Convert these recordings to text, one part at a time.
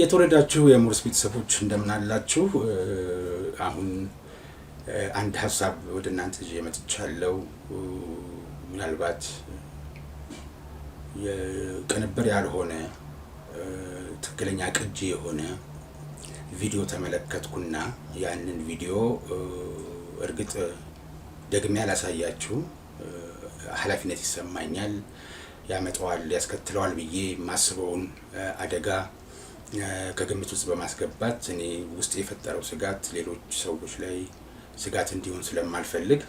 የተወረዳችሁ የሞርስ ቤተሰቦች እንደምናላችሁ። አሁን አንድ ሀሳብ ወደ እናንተ ይዤ መጥቻለሁ። ምናልባት ቅንብር ያልሆነ ትክክለኛ ቅጂ የሆነ ቪዲዮ ተመለከትኩና ያንን ቪዲዮ እርግጥ ደግሜ አላሳያችሁም። ኃላፊነት ይሰማኛል። ያመጣዋል፣ ያስከትለዋል ብዬ የማስበውን አደጋ ከግምት ውስጥ በማስገባት እኔ ውስጥ የፈጠረው ስጋት ሌሎች ሰዎች ላይ ስጋት እንዲሆን ስለማልፈልግ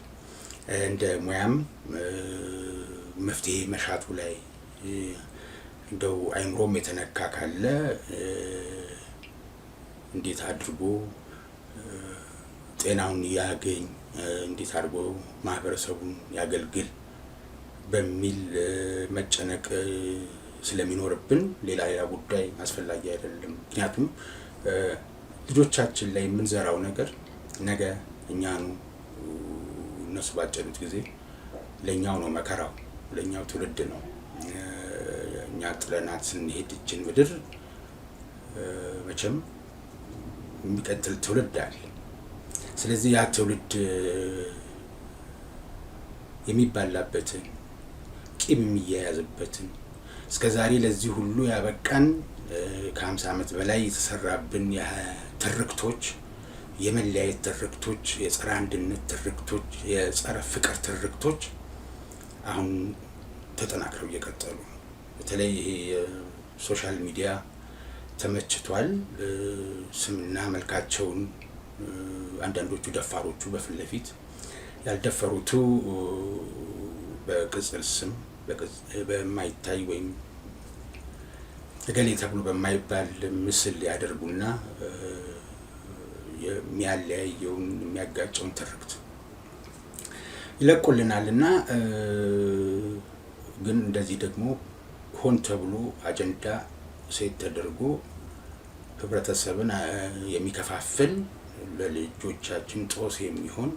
እንደ ሙያም መፍትሄ መሻቱ ላይ እንደው አይምሮም የተነካ ካለ እንዴት አድርጎ ጤናውን ያገኝ፣ እንዴት አድርጎ ማህበረሰቡን ያገልግል በሚል መጨነቅ ስለሚኖርብን ሌላ ሌላ ጉዳይ አስፈላጊ አይደለም። ምክንያቱም ልጆቻችን ላይ የምንዘራው ነገር ነገ እኛኑ እነሱ ባጨዱት ጊዜ ለእኛው ነው መከራው፣ ለእኛው ትውልድ ነው። እኛ ጥለናት ስንሄድ እችን ምድር መቼም የሚቀጥል ትውልድ አለ። ስለዚህ ያ ትውልድ የሚባላበትን ቂም የሚያያዝበትን እስከ ዛሬ ለዚህ ሁሉ ያበቃን ከ ዓመት በላይ የተሰራብን ትርክቶች፣ የመለያየት ትርክቶች፣ የጸረ አንድነት ትርክቶች፣ የጸረ ፍቅር ትርክቶች አሁን ተጠናክረው እየቀጠሉ በተለይ ይሄ ሶሻል ሚዲያ ተመችቷል። ስምና መልካቸውን አንዳንዶቹ ደፋሮቹ በፊት ለፊት ያልደፈሩቱ በቅጽል ስም በማይታይ ወይም እገሌ ተብሎ በማይባል ምስል ያደርጉና የሚያለያየውን የሚያጋጨውን ትርክት ይለቁልናል እና ግን እንደዚህ ደግሞ ሆን ተብሎ አጀንዳ ሴት ተደርጎ ህብረተሰብን የሚከፋፍል ለልጆቻችን ጦስ የሚሆን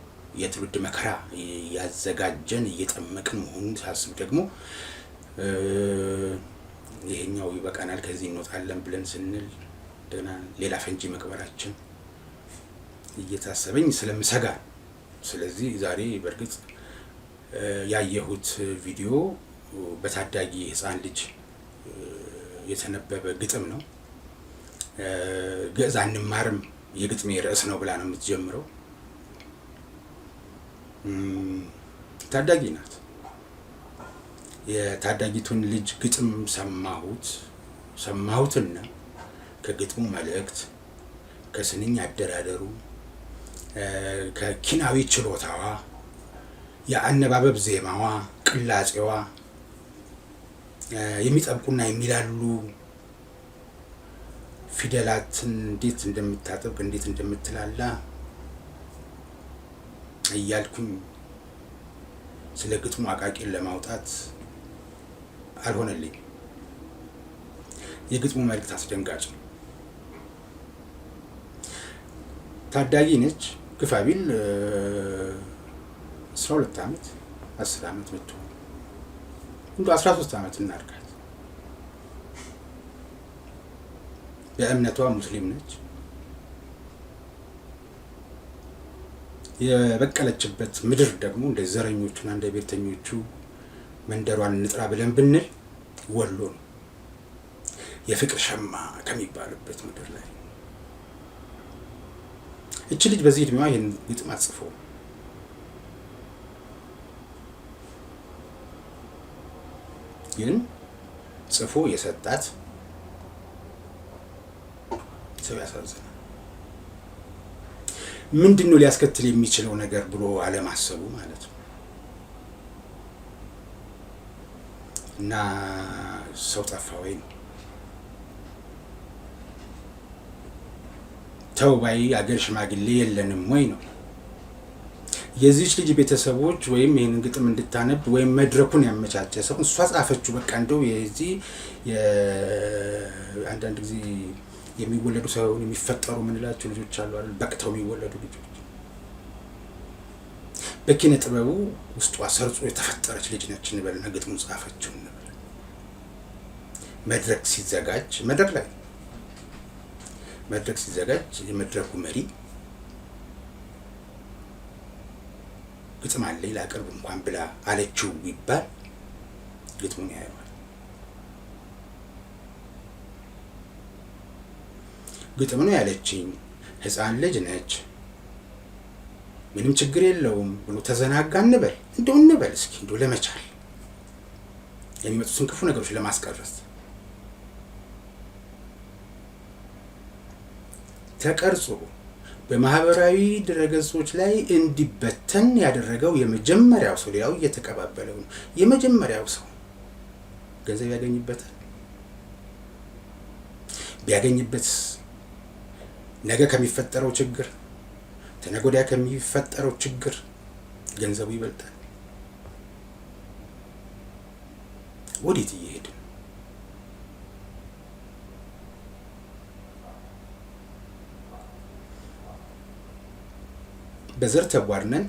የትውልድ መከራ እያዘጋጀን እየጠመቅን መሆኑን ሳስብ ደግሞ ይሄኛው ይበቃናል፣ ከዚህ እንወጣለን ብለን ስንል ደህና ሌላ ፈንጂ መቅበራችን እየታሰበኝ ስለምሰጋ፣ ስለዚህ ዛሬ በእርግጥ ያየሁት ቪዲዮ በታዳጊ ሕፃን ልጅ የተነበበ ግጥም ነው። ግዕዝ አንማርም የግጥሜ ርዕስ ነው ብላ ነው የምትጀምረው። ታዳጊ ናት። የታዳጊቱን ልጅ ግጥም ሰማሁት ሰማሁትና ከግጥሙ መልእክት ከስንኝ አደራደሩ ከኪናዊ ችሎታዋ የአነባበብ ዜማዋ ቅላጼዋ የሚጠብቁና የሚላሉ ፊደላትን እንዴት እንደምታጠብቅ እንዴት እንደምትላላ እያልኩኝ ስለ ግጥሙ አቃቂን ለማውጣት አልሆነልኝም። የግጥሙ መልእክት አስደንጋጭ ነው። ታዳጊ ነች ግፋ ቢል አስራ ሁለት ዓመት አስር ዓመት ብትሆን እንዱ አስራ ሶስት ዓመት እናድርጋት። በእምነቷ ሙስሊም ነች። የበቀለችበት ምድር ደግሞ እንደ ዘረኞቹና እንደ ብሔርተኞቹ መንደሯን እንጥራ ብለን ብንል ወሎ ነው። የፍቅር ሸማ ከሚባልበት ምድር ላይ እች ልጅ በዚህ እድሜዋ ይህን ግጥም አጽፎ ግን ጽፎ የሰጣት ሰው ያሳዝናል። ምንድን ነው ሊያስከትል የሚችለው ነገር ብሎ አለማሰቡ ማለት ነው። እና ሰው ጠፋ ወይ ነው ተውባይ አገር ሽማግሌ የለንም ወይ ነው የዚች ልጅ ቤተሰቦች ወይም ይህን ግጥም እንድታነብ ወይም መድረኩን ያመቻቸ ሰው እሷ ጻፈችው። በቃ እንደው የዚህ አንዳንድ ጊዜ የሚወለዱ ሳይሆን የሚፈጠሩ ምንላቸው ልጆች አሉ አይደል? በቅተው የሚወለዱ ልጆች በኪነ ጥበቡ ውስጧ ሰርጾ የተፈጠረች ልጅ ነች እንበልና ግጥሙን ጻፈችው እንበል። መድረክ ሲዘጋጅ መድረክ ላይ መድረክ ሲዘጋጅ የመድረኩ መሪ ግጥም አለኝ ላቅርብ እንኳን ብላ አለችው ይባል ግጥሙን ያየዋል። ግጥም ነው ያለችኝ፣ ህፃን ልጅ ነች ምንም ችግር የለውም ብሎ ተዘናጋ እንበል እንደው እንበል እስኪ እንደው ለመቻል የሚመጡትን ክፉ ነገሮች ለማስቀረስ ተቀርጾ በማህበራዊ ድረገጾች ላይ እንዲበተን ያደረገው የመጀመሪያው ሰው ሌላው እየተቀባበለው ነው። የመጀመሪያው ሰው ገንዘብ ያገኝበታል። ቢያገኝበት ነገ ከሚፈጠረው ችግር ተነጎዳ ወዲያ ከሚፈጠረው ችግር ገንዘቡ ይበልጣል። ወዴት እየሄድን? በዘር ተቧድነን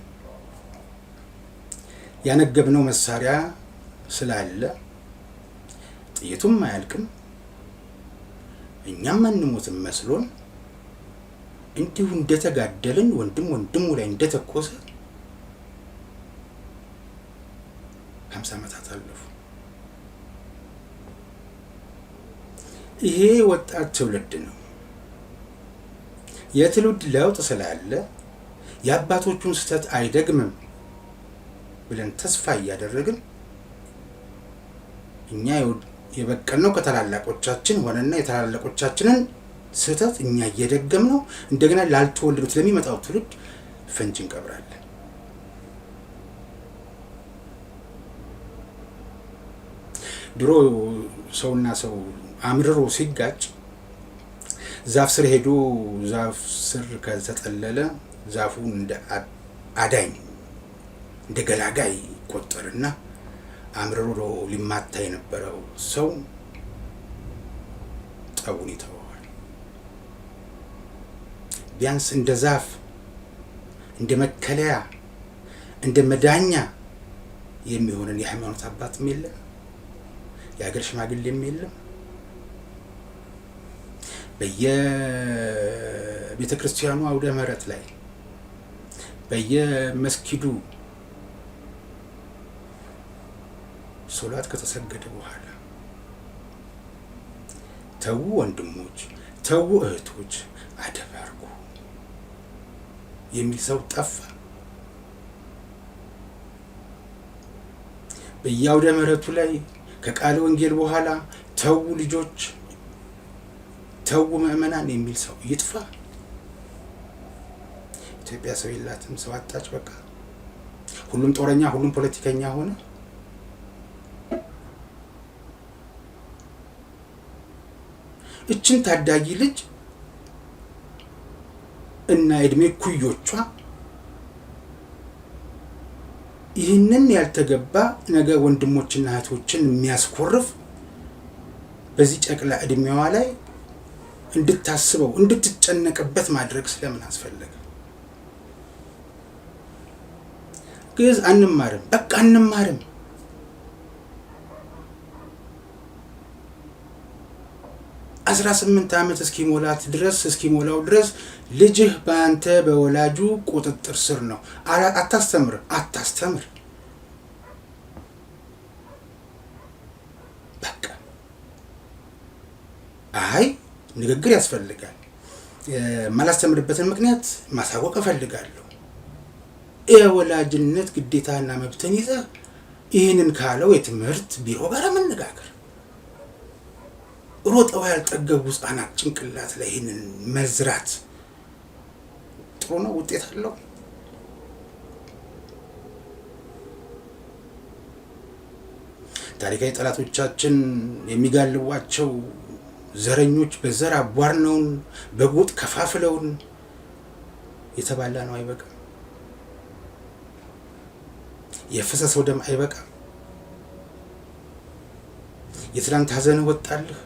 ያነገብነው መሳሪያ ስላለ ጥይቱም አያልቅም እኛም አንሞትም መስሎን እንዲሁ እንደተጋደልን ወንድም ወንድሙ ላይ እንደተኮሰ ሀምሳ ዓመታት አለፉ። ይሄ ወጣት ትውልድ ነው። የትውልድ ለውጥ ስላለ የአባቶቹን ስህተት አይደግምም ብለን ተስፋ እያደረግን እኛ የበቀልነው ከታላላቆቻችን ሆነና የታላላቆቻችንን ስህተት እኛ እየደገም ነው እንደገና ላልተወለዱት ለሚመጣው ትውልድ ፈንጅ እንቀብራለን። ድሮ ሰውና ሰው አምርሮ ሲጋጭ ዛፍ ስር ሄዶ ዛፍ ስር ከተጠለለ ዛፉ እንደ አዳኝ እንደ ገላጋይ ይቆጠርና አምርሮ ሊማታ የነበረው ሰው ጠቡን ይተዋል። ቢያንስ እንደ ዛፍ፣ እንደ መከለያ፣ እንደ መዳኛ የሚሆንን የሃይማኖት አባትም የለም፣ የሀገር ሽማግሌም የለም። በየቤተ ክርስቲያኑ አውደ ምሕረት ላይ በየመስጊዱ ሶላት ከተሰገደ በኋላ ተዉ ወንድሞች፣ ተዉ እህቶች፣ አደብ የሚል ሰው ጠፋ። በየአውደ ምሕረቱ ላይ ከቃለ ወንጌል በኋላ ተዉ ልጆች፣ ተዉ ምእመናን የሚል ሰው ይጥፋ። ኢትዮጵያ ሰው የላትም፣ ሰው አጣች። በቃ ሁሉም ጦረኛ፣ ሁሉም ፖለቲከኛ ሆነ። እችን ታዳጊ ልጅ እና የእድሜ ኩዮቿ ይህንን ያልተገባ ነገ ወንድሞችና እህቶችን የሚያስኮርፍ በዚህ ጨቅላ እድሜዋ ላይ እንድታስበው እንድትጨነቅበት ማድረግ ስለምን አስፈለገ? ግዕዝ አንማርም፣ በቃ አንማርም። 18 ዓመት እስኪሞላት ድረስ እስኪሞላው ድረስ ልጅህ በአንተ በወላጁ ቁጥጥር ስር ነው። አታስተምር አታስተምር። በቃ አይ ንግግር ያስፈልጋል። የማላስተምርበትን ምክንያት ማሳወቅ እፈልጋለሁ። የወላጅነት ግዴታና መብትን ይዘህ ይህንን ካለው የትምህርት ቢሮ ጋር መነጋገር ሮጠው ያልጠገቡ ህጻናት ጭንቅላት ላይ ይህንን መዝራት ጥሩ ነው? ውጤት አለው? ታሪካዊ ጠላቶቻችን የሚጋልቧቸው ዘረኞች በዘር አቧርነውን በጎጥ ከፋፍለውን የተባላ ነው አይበቃም። የፈሰሰው ደም አይበቃም። የትላንት ሀዘን ወጣልህ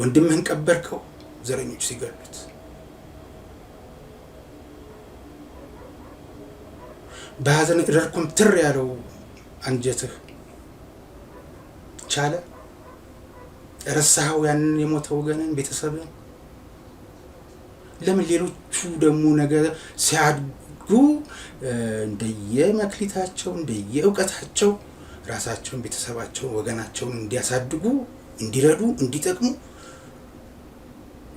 ወንድምህን ቀበርከው ዘረኞች ሲገሉት። በሐዘን እደርኩም ትር ያለው አንጀትህ ቻለ። ረሳኸው ያንን የሞተ ወገንን ቤተሰብን። ለምን ሌሎቹ ደግሞ ነገ ሲያድጉ እንደየመክሊታቸው እንደየእውቀታቸው ራሳቸውን ቤተሰባቸውን ወገናቸውን እንዲያሳድጉ እንዲረዱ እንዲጠቅሙ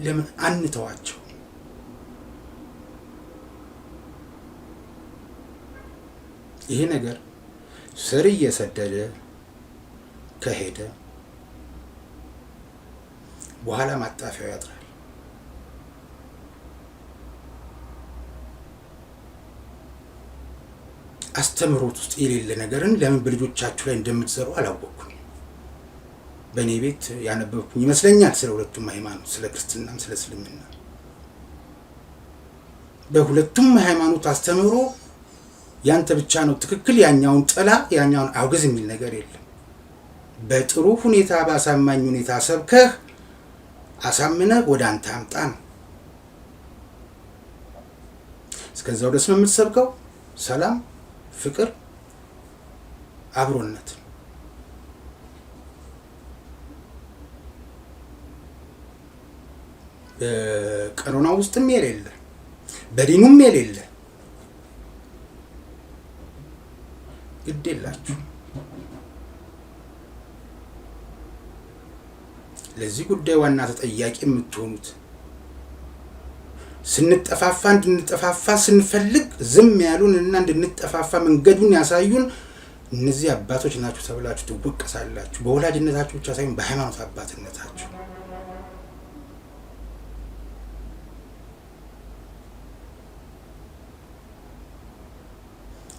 ለምን አንተዋቸው? ይሄ ነገር ስር እየሰደደ ከሄደ በኋላ ማጣፊያው ያጥራል። አስተምህሮት ውስጥ የሌለ ነገርን ለምን በልጆቻችሁ ላይ እንደምትዘሩ አላወቅኩም። በእኔ ቤት ያነበብኩኝ ይመስለኛል። ስለ ሁለቱም ሃይማኖት ስለ ክርስትናም ስለ እስልምና በሁለቱም ሃይማኖት አስተምህሮ ያንተ ብቻ ነው ትክክል፣ ያኛውን ጥላ፣ ያኛውን አውግዝ የሚል ነገር የለም። በጥሩ ሁኔታ በአሳማኝ ሁኔታ ሰብከህ አሳምነህ ወደ አንተ አምጣ ነው። እስከዛው ደስ ነው የምትሰብከው ሰላም፣ ፍቅር፣ አብሮነት በቀኖና ውስጥም የሌለ በዲኑም የሌለ ግድ የላችሁ። ለዚህ ጉዳይ ዋና ተጠያቂ የምትሆኑት ስንጠፋፋ እንድንጠፋፋ ስንፈልግ ዝም ያሉን እና እንድንጠፋፋ መንገዱን ያሳዩን እነዚህ አባቶች ናችሁ ተብላችሁ ትወቀሳላችሁ። በወላጅነታችሁ ብቻ ሳይሆን በሃይማኖት አባትነታችሁ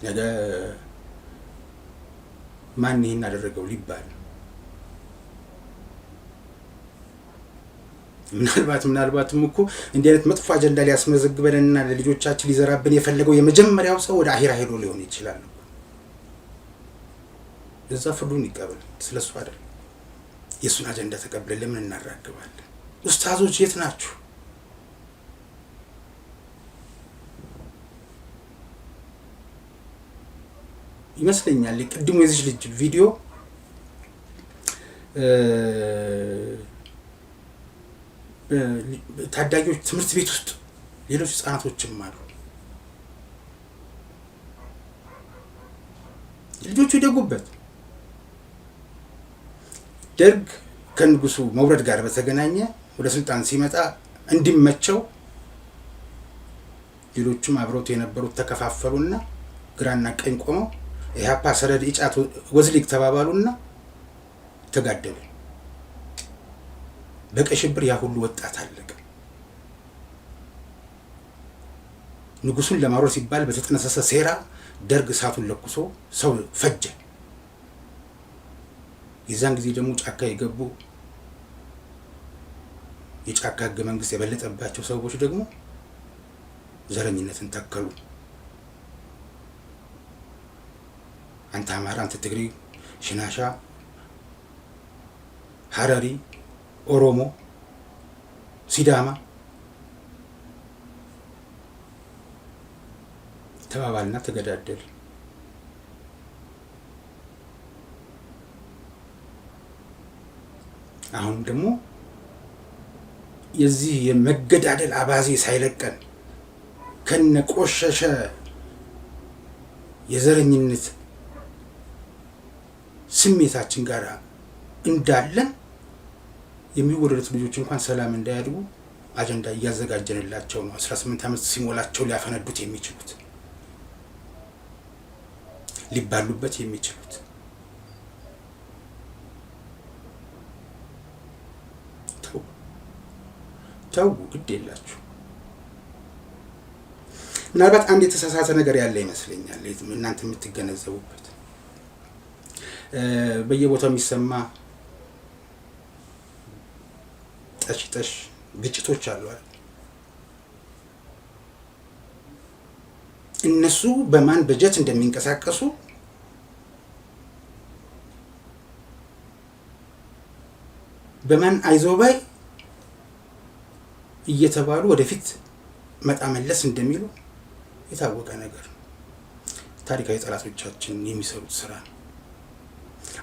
ነገ ማን ይህን አደረገው ሊባል ምናልባት ምናልባትም እኮ እንዲህ አይነት መጥፎ አጀንዳ ሊያስመዘግበንና ለልጆቻችን ሊዘራብን የፈለገው የመጀመሪያው ሰው ወደ አሂራ ሄዶ ሊሆን ይችላል። እዛ ፍርዱን ይቀበል። ስለሱ አይደል የእሱን አጀንዳ ተቀብለን ለምን እናራግባለን? ኡስታዞች የት ናችሁ? ይመስለኛል ቅድሙ የዚች ልጅ ቪዲዮ ታዳጊዎች ትምህርት ቤት ውስጥ ሌሎች ህጻናቶችም አሉ። ልጆቹ ይደጉበት። ደርግ ከንጉሱ መውረድ ጋር በተገናኘ ወደ ስልጣን ሲመጣ እንዲመቸው ሌሎቹም አብረውት የነበሩት ተከፋፈሉና ግራና ቀኝ ቆመው ኢህአፓ ሰረድ ኢጫት ወዝሊግ ተባባሉና ተጋደሉ። በቀይ ሽብር ያ ሁሉ ወጣት አለቀ። ንጉሱን ለማሮር ሲባል በተጠነሰሰ ሴራ ደርግ እሳቱን ለኩሶ ሰው ፈጀ። የዛን ጊዜ ደግሞ ጫካ የገቡ የጫካ ህገ መንግስት የበለጠባቸው ሰዎች ደግሞ ዘረኝነትን ተከሉ። አንተ አማራ፣ አንተ ትግሬ ሽናሻ፣ ሀረሪ፣ ኦሮሞ፣ ሲዳማ ተባባልና ተገዳደል። አሁን ደግሞ የዚህ የመገዳደል አባዜ ሳይለቀን ከነ ቆሸሸ የዘረኝነት ስሜታችን ጋር እንዳለን የሚወለዱት ልጆች እንኳን ሰላም እንዳያድጉ አጀንዳ እያዘጋጀንላቸው ነው። 18 ዓመት ሲሞላቸው ሊያፈነዱት የሚችሉት ሊባሉበት የሚችሉት ተው ግድ የላችሁ። ምናልባት አንድ የተሳሳተ ነገር ያለ ይመስለኛል እናንተ የምትገነዘቡበት በየቦታው የሚሰማ ጠሽ ጠሽ ግጭቶች አሉ። እነሱ በማን በጀት እንደሚንቀሳቀሱ በማን አይዞባይ እየተባሉ ወደፊት መጣ መለስ እንደሚሉ የታወቀ ነገር ነው። ታሪካዊ ጠላቶቻችን የሚሰሩት ስራ ነው።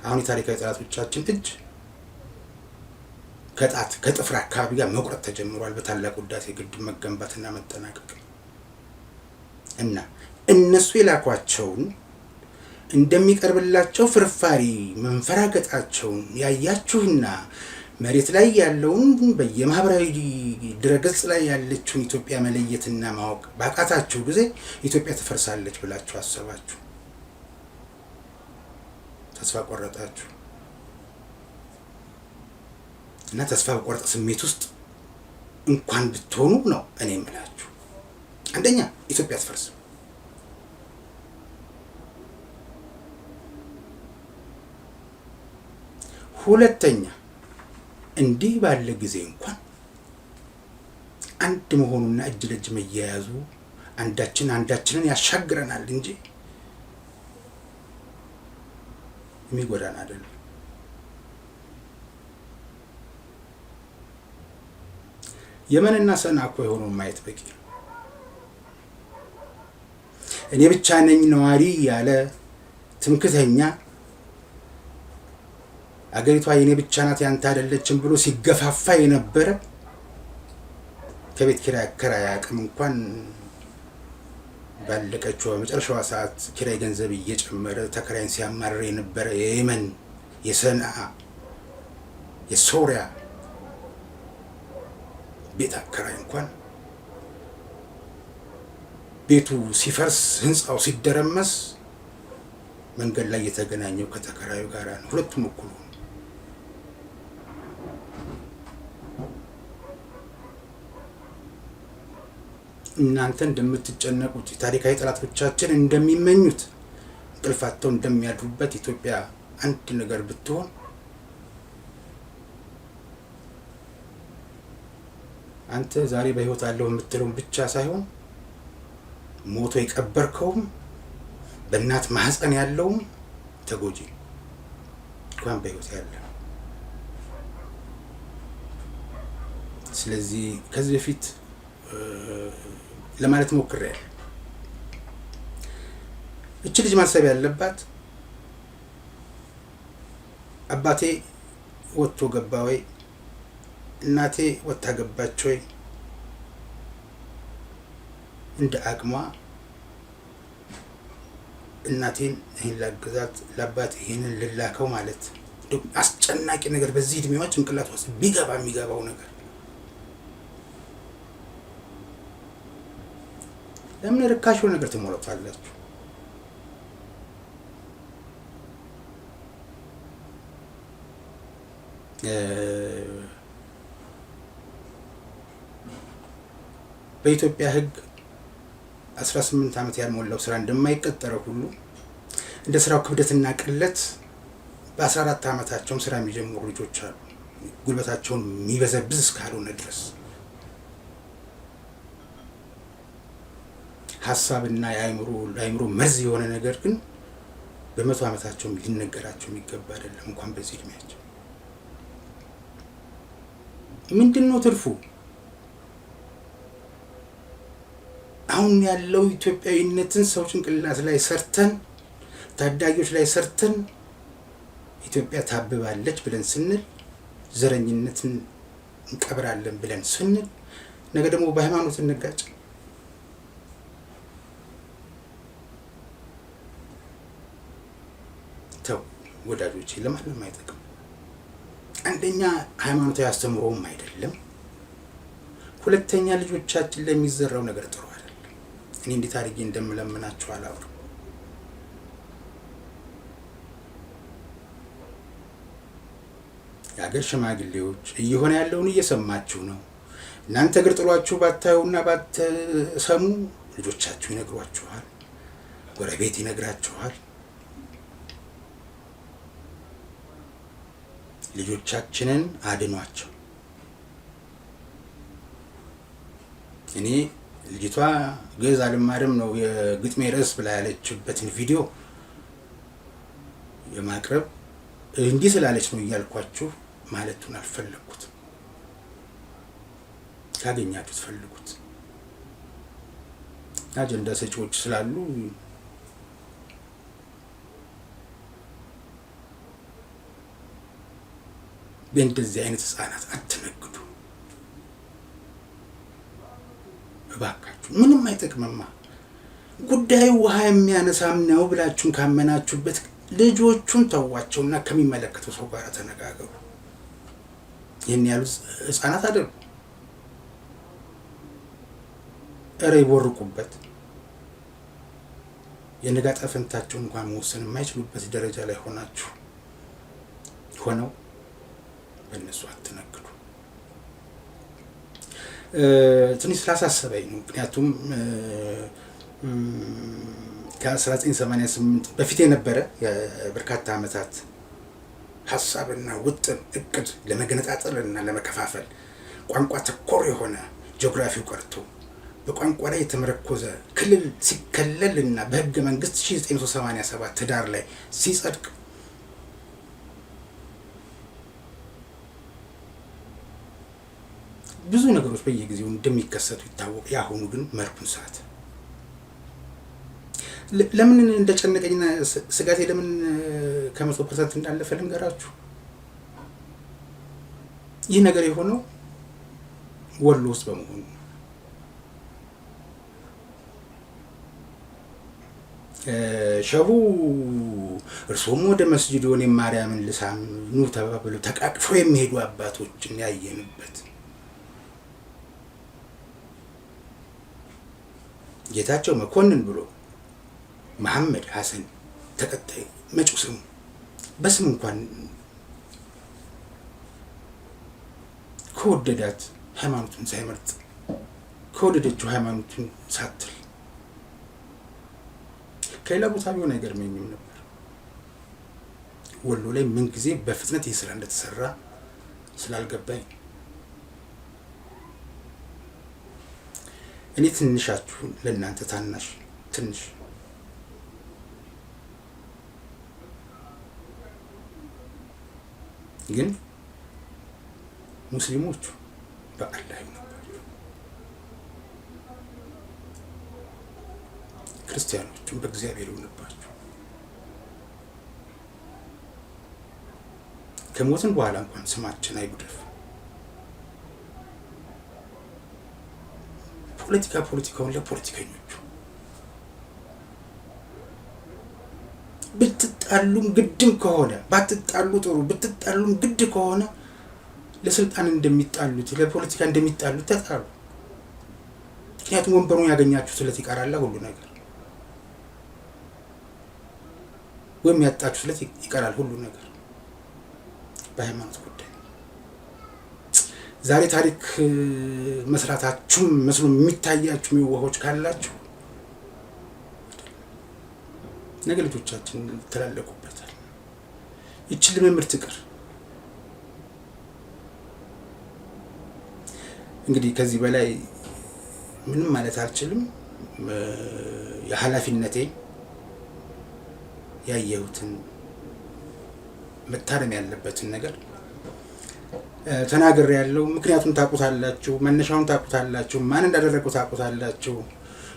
አሁን የታሪካዊ ጠላቶቻችን እጅ ከጣት ከጥፍር አካባቢ ጋር መቁረጥ ተጀምሯል። በታላቁ ሕዳሴ ግድብ መገንባትና መጠናቀቅ እና እነሱ የላኳቸውን እንደሚቀርብላቸው ፍርፋሪ መንፈራገጣቸውን ያያችሁና መሬት ላይ ያለውን በየማህበራዊ ድረገጽ ላይ ያለችውን ኢትዮጵያ መለየትና ማወቅ ባቃታችሁ ጊዜ ኢትዮጵያ ትፈርሳለች ብላችሁ አሰባችሁ። ተስፋ ቆረጣችሁ እና ተስፋ በቆረጠ ስሜት ውስጥ እንኳን ብትሆኑ ነው እኔ የምላችሁ። አንደኛ ኢትዮጵያ አትፈርስም። ሁለተኛ እንዲህ ባለ ጊዜ እንኳን አንድ መሆኑና እጅ ለእጅ መያያዙ አንዳችን አንዳችንን ያሻግረናል እንጂ የሚጎዳን አይደለም። የመንና ሰና እኮ የሆነው ማየት በቂ ነው። እኔ ብቻ ነኝ ነዋሪ ያለ ትምክተኛ አገሪቷ የኔ ብቻ ናት ያንተ አይደለችም ብሎ ሲገፋፋ የነበረ ከቤት ኪራይ አከራይ አቅም እንኳን ባለቀችው በመጨረሻዋ ሰዓት ኪራይ ገንዘብ እየጨመረ ተከራይን ሲያማርር የነበረ የየመን፣ የሰንአ፣ የሶሪያ ቤት አከራይ እንኳን ቤቱ ሲፈርስ ህንፃው ሲደረመስ መንገድ ላይ የተገናኘው ከተከራዩ ጋር ነው። ሁለቱም እኩል እናንተ እንደምትጨነቁት የታሪካዊ ጠላቶቻችን እንደሚመኙት እንቅልፋቸው እንደሚያድሩበት ኢትዮጵያ አንድ ነገር ብትሆን አንተ ዛሬ በህይወት አለው የምትለውን ብቻ ሳይሆን ሞቶ የቀበርከውም በእናት ማህፀን ያለውም ተጎጂ እንኳን በህይወት ያለ። ስለዚህ ከዚህ በፊት ለማለት ሞክሬያለሁ። እች ልጅ ማሰብ ያለባት አባቴ ወጥቶ ገባ ወይ፣ እናቴ ወጥታ ገባች ወይ፣ እንደ አቅሟ እናቴን ይህን ላግዛት፣ ለአባት ይህንን ልላከው ማለት አስጨናቂ ነገር በዚህ እድሜዎች ጭንቅላት ውስጥ ቢገባ የሚገባው ነገር ለምን ርካሽ የሆነ ነገር ትሞለታላችሁ? በኢትዮጵያ ሕግ 18 ዓመት ያልሞላው ስራ እንደማይቀጠረው ሁሉ እንደ ስራው ክብደትና ቅለት በ14 ዓመታቸውም ስራ የሚጀምሩ ልጆች አሉ። ጉልበታቸውን የሚበዘብዝ እስካልሆነ ድረስ ሀሳብና የአይምሮ መርዝ የሆነ ነገር ግን በመቶ ዓመታቸውም ሊነገራቸው የሚገባ አይደለም፣ እንኳን በዚህ እድሜያቸው። ምንድን ነው ትርፉ? አሁን ያለው ኢትዮጵያዊነትን ሰው ጭንቅላት ላይ ሰርተን ታዳጊዎች ላይ ሰርተን ኢትዮጵያ ታብባለች ብለን ስንል ዘረኝነትን እንቀብራለን ብለን ስንል ነገ ደግሞ በሃይማኖት እንጋጭ ተው ወዳጆቼ፣ ለማንም አይጠቅም። አንደኛ ሃይማኖታዊ አስተምሮውም አይደለም፣ ሁለተኛ ልጆቻችን ለሚዘራው ነገር ጥሩ አይደለም። እኔ እንዴት አድርጌ እንደምለምናቸው አላውቅም። የአገር ሽማግሌዎች እየሆነ ያለውን እየሰማችሁ ነው። እናንተ እግር ጥሏችሁ ባታዩና ባትሰሙ ልጆቻችሁ ይነግሯችኋል፣ ጎረቤት ይነግራችኋል። ልጆቻችንን አድኗቸው። እኔ ልጅቷ ግዕዝ አልማርም ነው የግጥሜ ርዕስ ብላ ያለችበትን ቪዲዮ የማቅረብ እንዲህ ስላለች ነው እያልኳችሁ ማለቱን አልፈለግኩት። ካገኛችሁት ፈልጉት። አጀንዳ ሰጪዎች ስላሉ በእንደዚህ አይነት ህፃናት አትነግዱ እባካችሁ። ምንም አይጠቅምማ። ጉዳዩ ውሃ የሚያነሳም ነው ብላችሁን ካመናችሁበት ልጆቹን ተዋቸውና ከሚመለከተው ሰው ጋር ተነጋገሩ። ይህን ያሉ ህፃናት አደርጉ። እረ ይቦርቁበት። የነገ ፈንታቸው እንኳን መወሰን የማይችሉበት ደረጃ ላይ ሆናችሁ ሆነው በእነሱ አትነግዱ። ትንሽ ስላሳሰበኝ ነው። ምክንያቱም ከ1988 በፊት የነበረ የበርካታ ዓመታት ሀሳብና ውጥን እቅድ ለመገነጣጠልና ለመከፋፈል ቋንቋ ተኮር የሆነ ጂኦግራፊው ቀርቶ በቋንቋ ላይ የተመረኮዘ ክልል ሲከለልና በህገ መንግስት 1987 ህዳር ላይ ሲጸድቅ ብዙ ነገሮች በየጊዜው እንደሚከሰቱ ይታወቅ። የአሁኑ ግን መርኩን ሰዓት ለምን እንደጨነቀኝና ስጋቴ ለምን ከመቶ ፐርሰንት እንዳለፈ ልንገራችሁ። ይህ ነገር የሆነው ወሎ ውስጥ በመሆኑ ሸሁ እርሶም ወደ መስጅድ ሆኔ ማርያምን ልሳም ኑ ተባብለው ተቃቅፈው የሚሄዱ አባቶችን ያየንበት ጌታቸው መኮንን ብሎ መሐመድ ሐሰን ተቀጣይ መጪው ስሙ በስም እንኳን ከወደዳት ሃይማኖቱን ሳይመርጥ ከወደደችው ሃይማኖቱን ሳትል ከሌላ ቦታ ቢሆን አይገርመኝም ነበር። ወሎ ላይ ምን ጊዜ በፍጥነት ይህ ስራ እንደተሰራ ስላልገባኝ እኔ ትንሻችሁ ለእናንተ ታናሽ ትንሽ ግን ሙስሊሞቹ በአላህ ይሁንባቸው፣ ክርስቲያኖቹም በእግዚአብሔር ይሁንባቸው። ከሞትን በኋላ እንኳን ስማችን አይጉደፍ። ፖለቲካ ፖለቲካውን ለፖለቲከኞቹ ብትጣሉም ግድም ከሆነ ባትጣሉ ጥሩ፣ ብትጣሉም ግድ ከሆነ ለስልጣን እንደሚጣሉት ለፖለቲካ እንደሚጣሉት ተጣሉ። ምክንያቱም ወንበሩን ያገኛችሁ ስለት ይቀራላ ሁሉ ነገር ወይም ያጣችሁ ስለት ይቀራል ሁሉ ነገር በሃይማኖት ጉዳይ ዛሬ ታሪክ መስራታችሁም መስሎ የሚታያችሁ የሚወሆች ካላችሁ ነገ ልጆቻችን ትላለቁበታል። ይቺ ልምምድ ትቅር። እንግዲህ ከዚህ በላይ ምንም ማለት አልችልም። የኃላፊነቴ ያየሁትን መታረም ያለበትን ነገር ተናግሬ ያለው ምክንያቱም ታቁታላችሁ፣ መነሻውን ታቁታላችሁ፣ ማን እንዳደረገው ታቁታላችሁ፣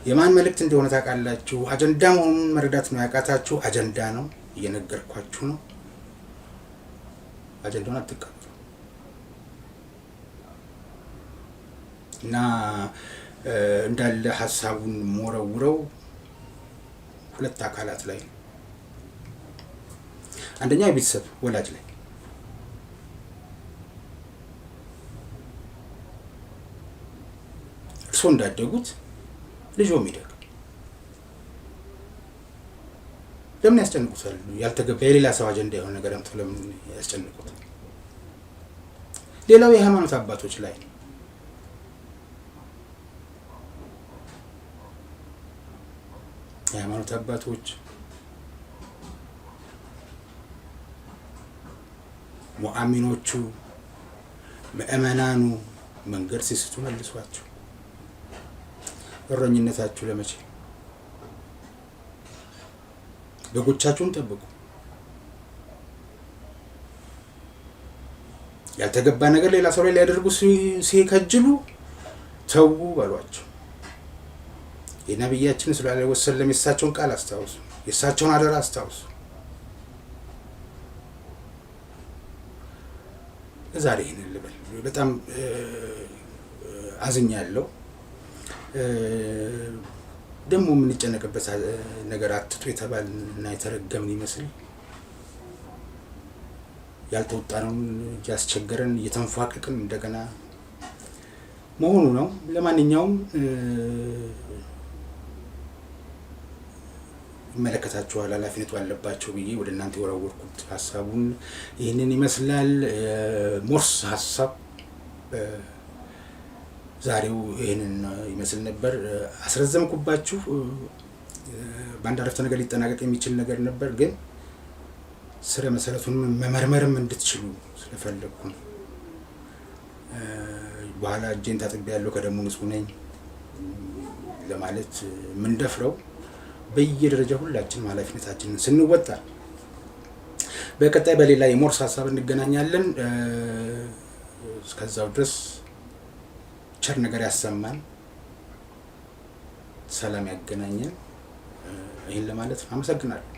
የማን መልእክት እንደሆነ ታውቃላችሁ። አጀንዳ መሆኑን መረዳት ነው ያቃታችሁ። አጀንዳ ነው እየነገርኳችሁ ነው። አጀንዳውን አትቀበሉ እና እንዳለ ሀሳቡን ሞረውረው ሁለት አካላት ላይ አንደኛ የቤተሰብ ወላጅ ላይ ለቅሶ እንዳደጉት ልጆም ይደግ ለምን ያስጨንቁታል? ያልተገባ የሌላ ሰው አጀንዳ የሆነ ነገር አምጥቶ ለምን ያስጨንቁታል? ሌላው የሃይማኖት አባቶች ላይ የሃይማኖት አባቶች ሙአሚኖቹ ምእመናኑ መንገድ ሲስቱ መልሷቸው እረኝነታችሁ ለመቼ? በጎቻችሁን ጠብቁ። ያልተገባ ነገር ሌላ ሰው ላይ ሊያደርጉ ሲከጅሉ ተዉ በሏቸው የነቢያችን ስለ ላ ወሰለም የእሳቸውን ቃል አስታውሱ፣ የእሳቸውን አደራ አስታውሱ። ዛሬ ይህን ልበል። በጣም አዝኛለሁ። ደግሞ የምንጨነቅበት ነገር አትቶ የተባል እና የተረገምን ይመስል ያልተወጣነውን እያስቸገረን እየተንፏቀቅን እንደገና መሆኑ ነው። ለማንኛውም ይመለከታችኋል፣ ኃላፊነቱ አለባቸው ብዬ ወደ እናንተ የወራወርኩት ሀሳቡን ይህንን ይመስላል። ሞርስ ሀሳብ ዛሬው ይህንን ይመስል ነበር። አስረዘምኩባችሁ። በአንድ አረፍተ ነገር ሊጠናቀቅ የሚችል ነገር ነበር፣ ግን ስረ መሰረቱን መመርመርም እንድትችሉ ስለፈለግኩ ነው። በኋላ እጄን ታጥቤ ያለው ከደሙ ንጹሕ ነኝ ለማለት የምንደፍረው በየደረጃ ሁላችንም ኃላፊነታችንን ስንወጣ። በቀጣይ በሌላ የሞርስ ሀሳብ እንገናኛለን። እስከዛው ድረስ ቸር ነገር ያሰማን፣ ሰላም ያገናኘን። ይህን ለማለት አመሰግናለሁ።